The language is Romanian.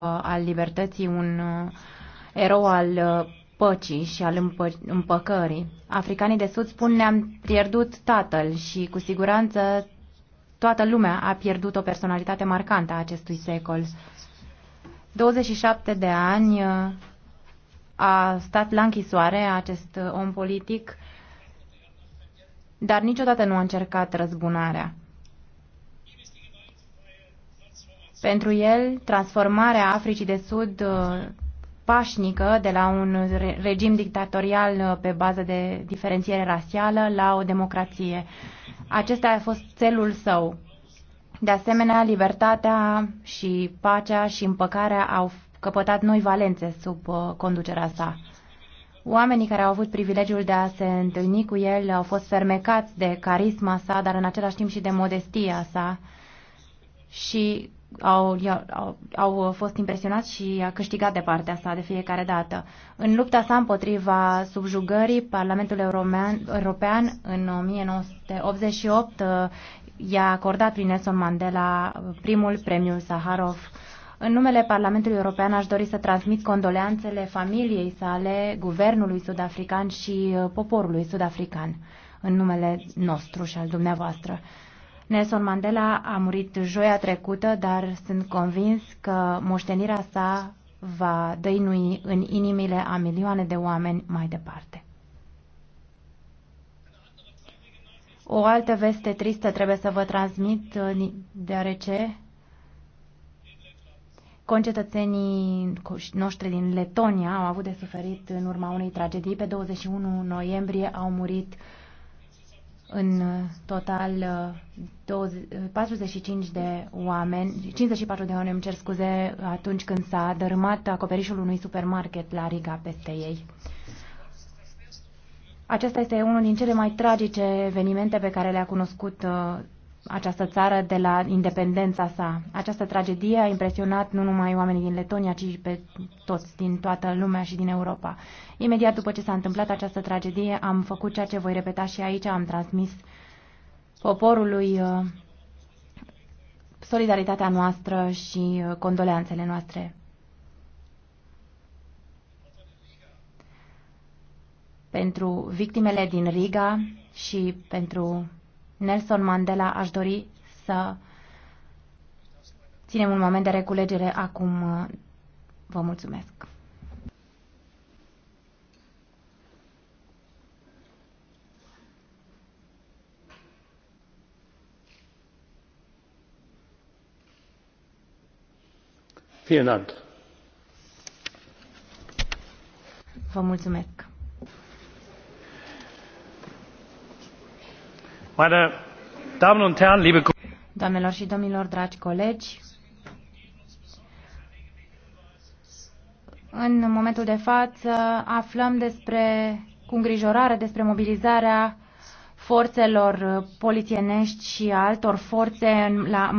al libertății, un uh, erou al uh, păcii și al împă împăcării. Africanii de Sud spun ne-am pierdut tatăl și cu siguranță toată lumea a pierdut o personalitate marcantă a acestui secol. 27 de ani uh, a stat la închisoare acest om politic, dar niciodată nu a încercat răzbunarea. Pentru el, transformarea Africii de Sud uh, pașnică de la un regim dictatorial uh, pe bază de diferențiere rasială la o democrație. Acesta a fost celul său. De asemenea, libertatea și pacea și împăcarea au căpătat noi valențe sub uh, conducerea sa. Oamenii care au avut privilegiul de a se întâlni cu el au fost fermecați de carisma sa, dar în același timp și de modestia sa și au, au, au fost impresionați și a câștigat de partea sa de fiecare dată. În lupta sa împotriva subjugării, Parlamentul European, European în 1988 uh, i-a acordat lui Nelson Mandela primul premiu Saharov. În numele Parlamentului European aș dori să transmit condoleanțele familiei sale, guvernului sud-african și uh, poporului sud-african, în numele nostru și al dumneavoastră. Nelson Mandela a murit joia trecută, dar sunt convins că moștenirea sa va dăinui în inimile a milioane de oameni mai departe. O altă veste tristă trebuie să vă transmit, deoarece concetățenii noștri din Letonia au avut de suferit în urma unei tragedii. Pe 21 noiembrie au murit în uh, total 45 uh, uh, de oameni, 54 de oameni, îmi cer scuze, atunci când s-a dărâmat acoperișul unui supermarket la Riga peste ei. Acesta este unul din cele mai tragice evenimente pe care le-a cunoscut această țară de la independența sa. Această tragedie a impresionat nu numai oamenii din Letonia, ci pe toți din toată lumea și din Europa. Imediat după ce s-a întâmplat această tragedie, am făcut ceea ce voi repeta și aici, am transmis poporului uh, solidaritatea noastră și uh, condoleanțele noastre. Pentru victimele din Riga și pentru Nelson Mandela, aș dori să ținem un moment de reculegere acum. Vă mulțumesc. Vielen Dank. Vă mulțumesc. Doamnelor și domnilor, dragi colegi, în momentul de față aflăm despre, cu îngrijorare despre mobilizarea forțelor polițienești și altor forțe la